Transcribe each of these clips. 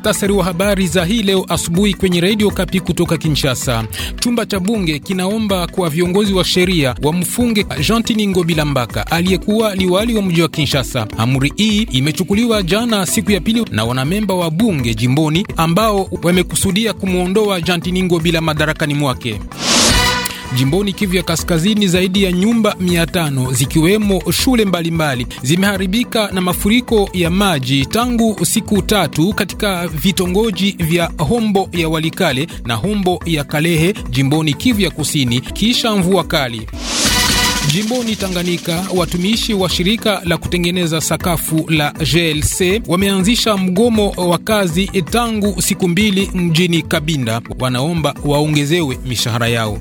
muktasari wa habari za hii leo asubuhi kwenye redio Kapi kutoka Kinshasa. Chumba cha bunge kinaomba kwa viongozi wa sheria wamfunge Jantini Ngobila Mbaka aliyekuwa liwali wa mji wa Kinshasa. Amri hii imechukuliwa jana siku ya pili na wanamemba wa bunge jimboni ambao wamekusudia kumwondoa Jantini Ngobila madarakani mwake. Jimboni Kivu ya Kaskazini, zaidi ya nyumba mia tano zikiwemo shule mbalimbali zimeharibika na mafuriko ya maji tangu siku tatu katika vitongoji vya Hombo ya Walikale na Hombo ya Kalehe jimboni Kivu ya Kusini kisha mvua kali. Jimboni Tanganyika, watumishi wa shirika la kutengeneza sakafu la GLC wameanzisha mgomo wa kazi tangu siku mbili mjini Kabinda, wanaomba waongezewe mishahara yao.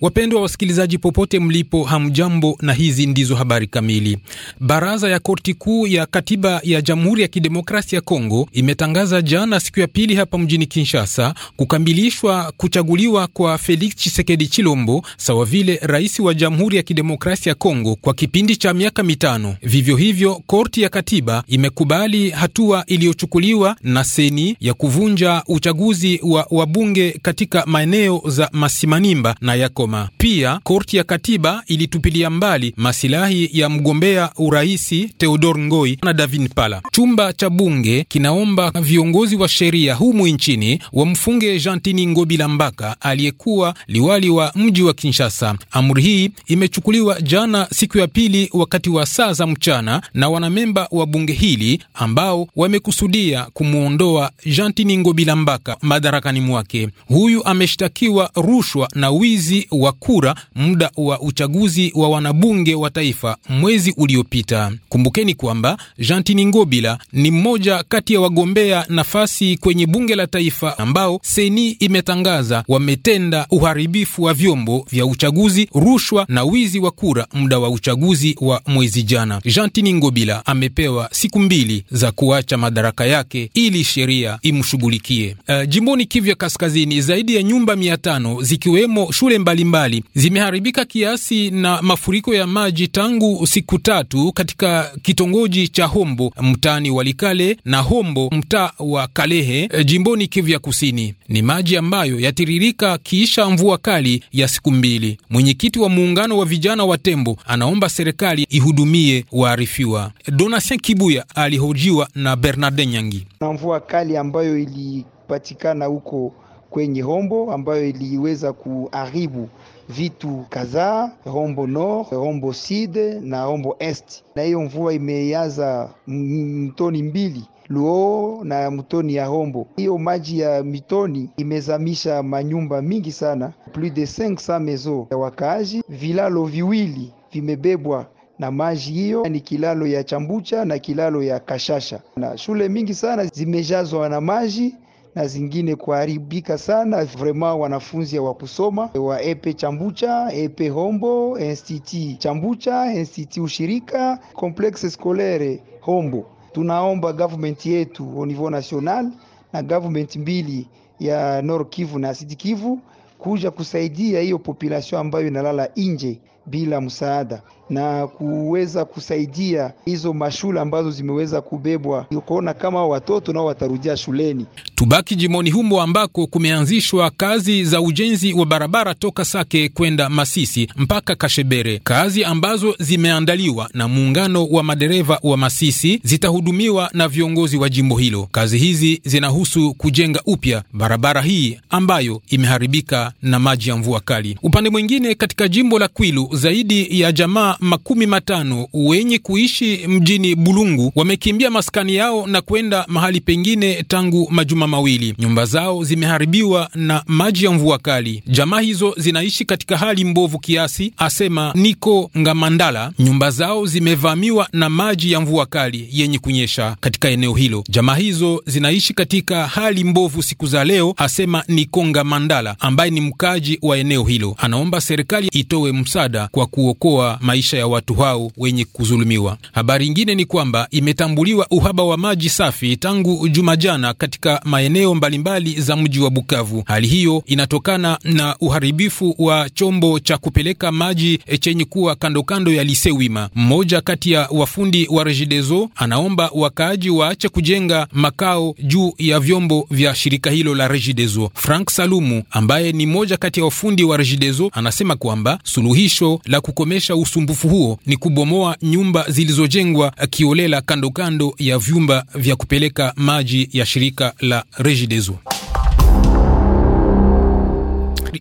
Wapendwa wasikilizaji, popote mlipo, hamjambo, na hizi ndizo habari kamili. Baraza ya korti kuu ya katiba ya Jamhuri ya Kidemokrasia ya Kongo imetangaza jana, siku ya pili, hapa mjini Kinshasa, kukamilishwa kuchaguliwa kwa Felix chisekedi Chilombo sawa vile rais wa Jamhuri ya Kidemokrasia ya Kongo kwa kipindi cha miaka mitano. Vivyo hivyo, korti ya katiba imekubali hatua iliyochukuliwa na seni ya kuvunja uchaguzi wa wabunge katika maeneo za Masimanimba na yako Goma. Pia korti ya katiba ilitupilia mbali masilahi ya mgombea uraisi Theodor Ngoi na Davin Pala. Chumba cha bunge kinaomba viongozi wa sheria humu nchini wamfunge Jantini Ngobila Mbaka aliyekuwa liwali wa mji wa Kinshasa. Amri hii imechukuliwa jana siku ya pili wakati wa saa za mchana na wanamemba wa bunge hili ambao wamekusudia kumwondoa Jantini Ngobila Mbaka madarakani mwake. Huyu ameshtakiwa rushwa na wizi wa kura muda wa uchaguzi wa wanabunge wa taifa mwezi uliopita. Kumbukeni kwamba Jantini Ngobila ni mmoja kati ya wagombea nafasi kwenye bunge la taifa ambao seni imetangaza wametenda uharibifu wa vyombo vya uchaguzi, rushwa na wizi wa kura muda wa uchaguzi wa mwezi jana. Jantini Ngobila amepewa siku mbili za kuacha madaraka yake ili sheria imshughulikie. Uh, jimboni kivya Kaskazini, zaidi ya nyumba mia tano zikiwemo shule mbalimbali mbalimbali zimeharibika kiasi na mafuriko ya maji tangu siku tatu katika kitongoji cha Hombo mtaani Walikale na Hombo mtaa wa Kalehe eh, jimboni Kivu ya Kusini. Ni maji ambayo yatiririka kiisha mvua kali ya siku mbili. Mwenyekiti wa muungano wa vijana wa Tembo anaomba serikali ihudumie waarifiwa. Donatien Kibuya alihojiwa na Bernarde Nyangi. na mvua kali ambayo ilipatikana huko kwenye hombo ambayo iliweza kuharibu vitu kadhaa, Rombo Nord, hombo Sud na Rombo Est. Na hiyo mvua imeanza mtoni mbili Luo na mtoni ya hombo Hiyo maji ya mitoni imezamisha manyumba mingi sana, plus de 500 mezo ya wakaaji. Vilalo viwili vimebebwa na maji hiyo, ni kilalo ya Chambucha na kilalo ya Kashasha, na shule mingi sana zimejazwa na maji na zingine kuharibika sana. Vraiment wanafunzi kusoma wa epe Chambucha, epe Hombo, Institut Chambucha, Institut Ushirika, Complexe Scolaire Hombo. Tunaomba government yetu au niveau national na government mbili ya Nord Kivu na Sud Kivu kuja kusaidia hiyo population ambayo inalala nje bila msaada na kuweza kusaidia hizo mashule ambazo zimeweza kubebwa, kuona kama watoto nao watarudia shuleni. Tubaki jimoni humo ambako kumeanzishwa kazi za ujenzi wa barabara toka Sake kwenda Masisi mpaka Kashebere, kazi ambazo zimeandaliwa na muungano wa madereva wa Masisi zitahudumiwa na viongozi wa jimbo hilo. Kazi hizi zinahusu kujenga upya barabara hii ambayo imeharibika na maji ya mvua kali. Upande mwingine, katika jimbo la Kwilu zaidi ya jamaa makumi matano wenye kuishi mjini Bulungu wamekimbia maskani yao na kwenda mahali pengine tangu majuma mawili. Nyumba zao zimeharibiwa na maji ya mvua kali. Jamaa hizo zinaishi katika hali mbovu kiasi, asema Niko Ngamandala. Nyumba zao zimevamiwa na maji ya mvua kali yenye kunyesha katika eneo hilo. Jamaa hizo zinaishi katika hali mbovu siku za leo, asema Niko Ngamandala ambaye ni mkaji wa eneo hilo. Anaomba serikali itowe msaada kwa kuokoa maisha ya watu hao wenye kuzulumiwa Habari ingine ni kwamba imetambuliwa uhaba wa maji safi tangu juma jana katika maeneo mbalimbali za mji wa Bukavu. Hali hiyo inatokana na uharibifu wa chombo cha kupeleka maji chenye kuwa kando kando ya Lisewima. Mmoja kati ya wafundi wa Regideso anaomba wakaaji waache kujenga makao juu ya vyombo vya shirika hilo la Regideso. Frank Salumu ambaye ni mmoja kati ya wafundi wa Regideso anasema kwamba suluhisho la kukomesha usumbufu huo ni kubomoa nyumba zilizojengwa kiolela kando kando ya vyumba vya kupeleka maji ya shirika la Regideso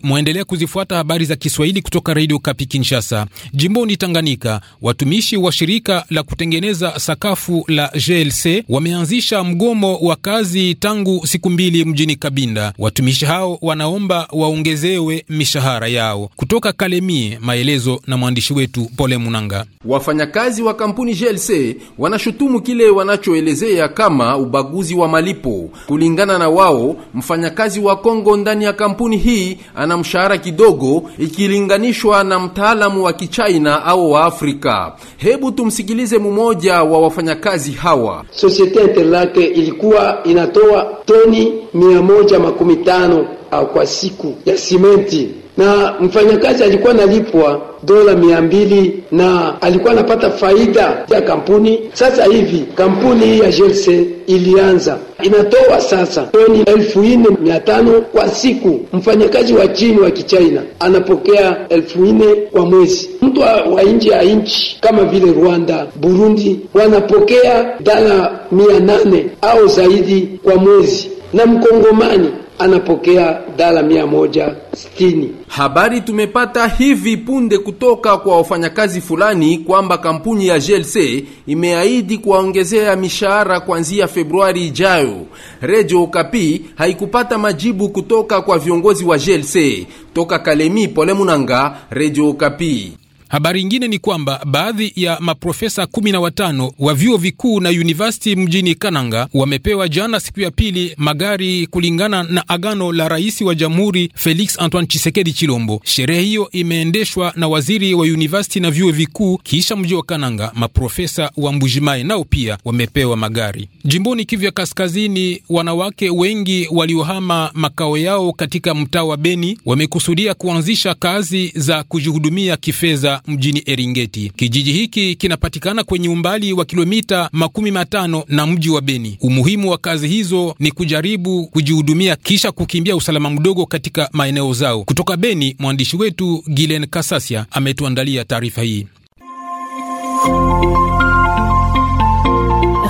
mwaendelea kuzifuata habari za Kiswahili kutoka redio Kapi Kinshasa. Jimboni Tanganyika, watumishi wa shirika la kutengeneza sakafu la GLC wameanzisha mgomo wa kazi tangu siku mbili mjini Kabinda. Watumishi hao wanaomba waongezewe mishahara yao. Kutoka Kalemie, maelezo na mwandishi wetu Pole Munanga. Wafanyakazi wa kampuni GLC wanashutumu kile wanachoelezea kama ubaguzi wa malipo. Kulingana na wao, mfanyakazi wa Kongo ndani ya kampuni hii ana na mshahara kidogo ikilinganishwa na mtaalamu wa Kichina au wa Afrika. Hebu tumsikilize mmoja wa wafanyakazi hawa. Sosiete Interlake ilikuwa inatoa toni mia moja makumi tano au kwa siku ya simenti, na mfanyakazi alikuwa analipwa dola mia mbili na alikuwa anapata faida ya kampuni. Sasa hivi kampuni hii ya Jelse ilianza inatoa sasa toni elfu nne mia tano kwa siku. Mfanyakazi wa chini wa kichaina anapokea elfu nne kwa mwezi. Mtu wa nje ya nchi kama vile Rwanda, Burundi wanapokea dala mia nane au zaidi kwa mwezi, na mkongomani anapokea dala mia moja sitini. Habari tumepata hivi punde kutoka kwa wafanyakazi fulani kwamba kampuni ya GLC imeahidi kuwaongezea mishahara kuanzia Februari ijayo. Redio Okapi haikupata majibu kutoka kwa viongozi wa GLC. Toka Kalemi, Pole Munanga, Redio Okapi. Habari ingine ni kwamba baadhi ya maprofesa 15 wa vyuo vikuu na university mjini Kananga wamepewa jana siku ya pili magari kulingana na agano la rais wa jamhuri Felix Antoine Chisekedi Chilombo. Sherehe hiyo imeendeshwa na waziri wa univesiti na vyuo vikuu kisha mji wa Kananga. Maprofesa wa mbujimae nao pia wamepewa magari. Jimboni Kivu ya Kaskazini, wanawake wengi waliohama makao yao katika mtaa wa Beni wamekusudia kuanzisha kazi za kujihudumia kifedha mjini Eringeti. Kijiji hiki kinapatikana kwenye umbali wa kilomita makumi matano na mji wa Beni. Umuhimu wa kazi hizo ni kujaribu kujihudumia kisha kukimbia usalama mdogo katika maeneo zao. Kutoka Beni, mwandishi wetu Gilen Kasasia ametuandalia taarifa hii.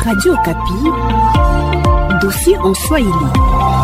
Radio Kapi, dossier en Swahili.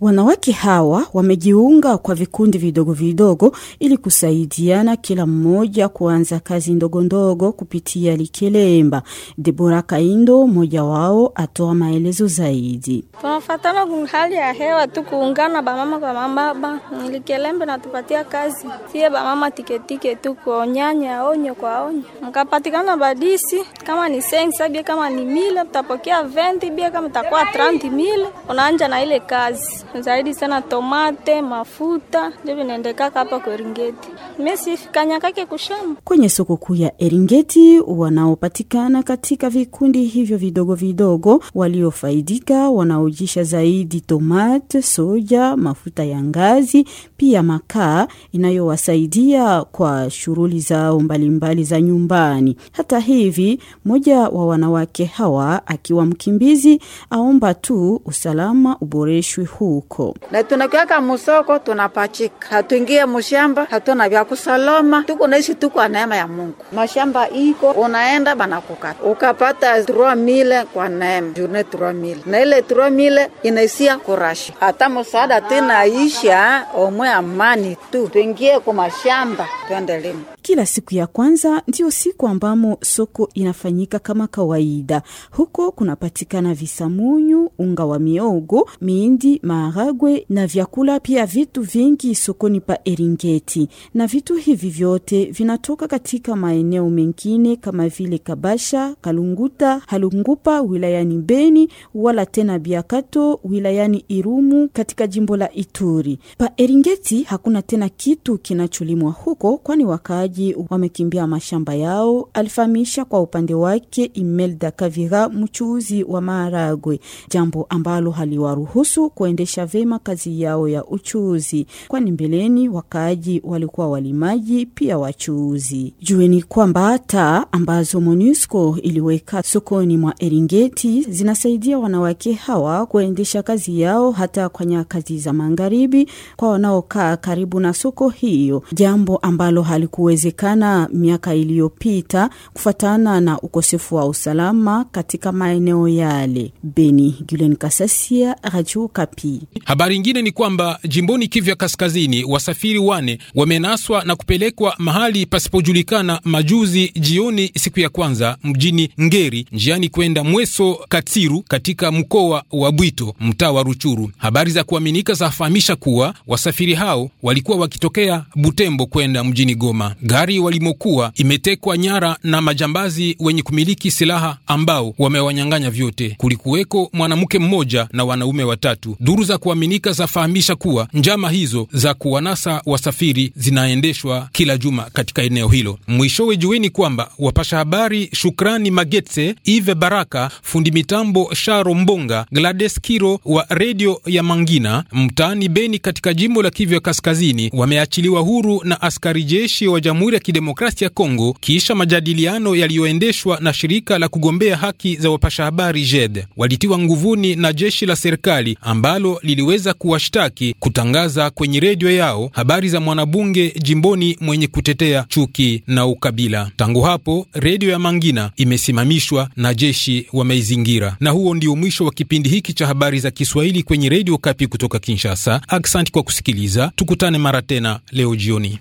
Wanawake hawa wamejiunga kwa vikundi vidogo vidogo ili kusaidiana kila mmoja kuanza kazi ndogo ndogo kupitia Likelemba. Debora Kaindo mmoja wao atoa maelezo zaidi. Tunafatana hali ya hewa tu kuungana bamama kwa mababa Likelemba natupatia kazi sie bamama tiketike tu kuonyanya onyo kwa onyo mkapatikana badisi kama ni sensa bie kama ni mile, mtapokea venti bie kama takuwa tranti mile, unaanja na ile kazi zaidi sana tomate, mafuta ndio vinaendekaka hapa kwa Eringeti. Mimi sifikanya kake kushamba. Kwenye soko kuu ya Eringeti, wanaopatikana katika vikundi hivyo vidogo vidogo, waliofaidika wanaojisha zaidi tomate, soja, mafuta ya ngazi, pia makaa inayowasaidia kwa shughuli zao mbalimbali mbali za nyumbani. Hata hivi, mmoja wa wanawake hawa akiwa mkimbizi aomba tu usalama uboreshwe huu huko. Na tunakiwaka musoko, tunapachika, hatuingie mushamba, hatuna vya kusaloma, tuko naishi, tuko neema ya Mungu. Mashamba iko unaenda banakukata, ukapata trois mille kwa neema jurne trois mille, na ile trois mille inaisia kurashi, hata musaada tena isha omwe, amani tu tuingie kwa mashamba tuendelee. Kila siku ya kwanza ndiyo siku ambamo soko inafanyika kama kawaida. Huko kunapatikana visamunyu, unga wa miogo, miindi, maharagwe na vyakula pia vitu vingi sokoni pa Eringeti, na vitu hivi vyote vinatoka katika maeneo mengine kama vile Kabasha, Kalunguta, Halungupa wilayani Beni, wala tena Biakato wilayani Irumu katika jimbo la Ituri. Pa Eringeti hakuna tena kitu kinacholimwa huko, kwani wakaaji wenyeji wamekimbia mashamba yao, alifahamisha kwa upande wake Imelda Kavira, mchuuzi wa maharagwe, jambo ambalo haliwaruhusu kuendesha vema kazi yao ya uchuuzi, kwani mbeleni wakaaji walikuwa walimaji pia wachuuzi. Jueni kwamba taa ambazo MONUSCO iliweka sokoni mwa Eringeti zinasaidia wanawake hawa kuendesha kazi yao hata kwa nyakati za magharibi kwa wanaokaa karibu na soko hiyo, jambo ambalo halikuwe kuongezekana miaka iliyopita kufuatana na ukosefu wa usalama katika maeneo yale. Beni, Gulen Kasasia, Radio Kapi. Habari ingine ni kwamba jimboni Kivya Kaskazini, wasafiri wane wamenaswa na kupelekwa mahali pasipojulikana majuzi jioni, siku ya kwanza mjini Ngeri, njiani kwenda Mweso Katsiru katika mkoa wa Bwito, mtaa wa Ruchuru. Habari za kuaminika zafahamisha kuwa wasafiri hao walikuwa wakitokea Butembo kwenda mjini Goma gari walimokuwa imetekwa nyara na majambazi wenye kumiliki silaha ambao wamewanyang'anya vyote. Kulikuweko mwanamke mmoja na wanaume watatu. Duru za kuaminika zafahamisha kuwa njama hizo za kuwanasa wasafiri zinaendeshwa kila juma katika eneo hilo. Mwishowe jueni kwamba wapasha habari Shukrani Magetse, Ive Baraka, fundi mitambo Sharo Mbonga, Glades Kiro wa redio ya Mangina mtaani Beni katika jimbo la Kivu ya Kaskazini wameachiliwa huru na askari jeshi wa jamu Jamhuri ya Kidemokrasia ya Kongo kisha majadiliano yaliyoendeshwa na shirika la kugombea haki za wapasha habari JED. Walitiwa nguvuni na jeshi la serikali ambalo liliweza kuwashtaki kutangaza kwenye redio yao habari za mwanabunge jimboni mwenye kutetea chuki na ukabila. Tangu hapo redio ya Mangina imesimamishwa na jeshi wameizingira. Na huo ndio mwisho wa kipindi hiki cha habari za Kiswahili kwenye redio Kapi kutoka Kinshasa. Aksanti kwa kusikiliza, tukutane mara tena leo jioni.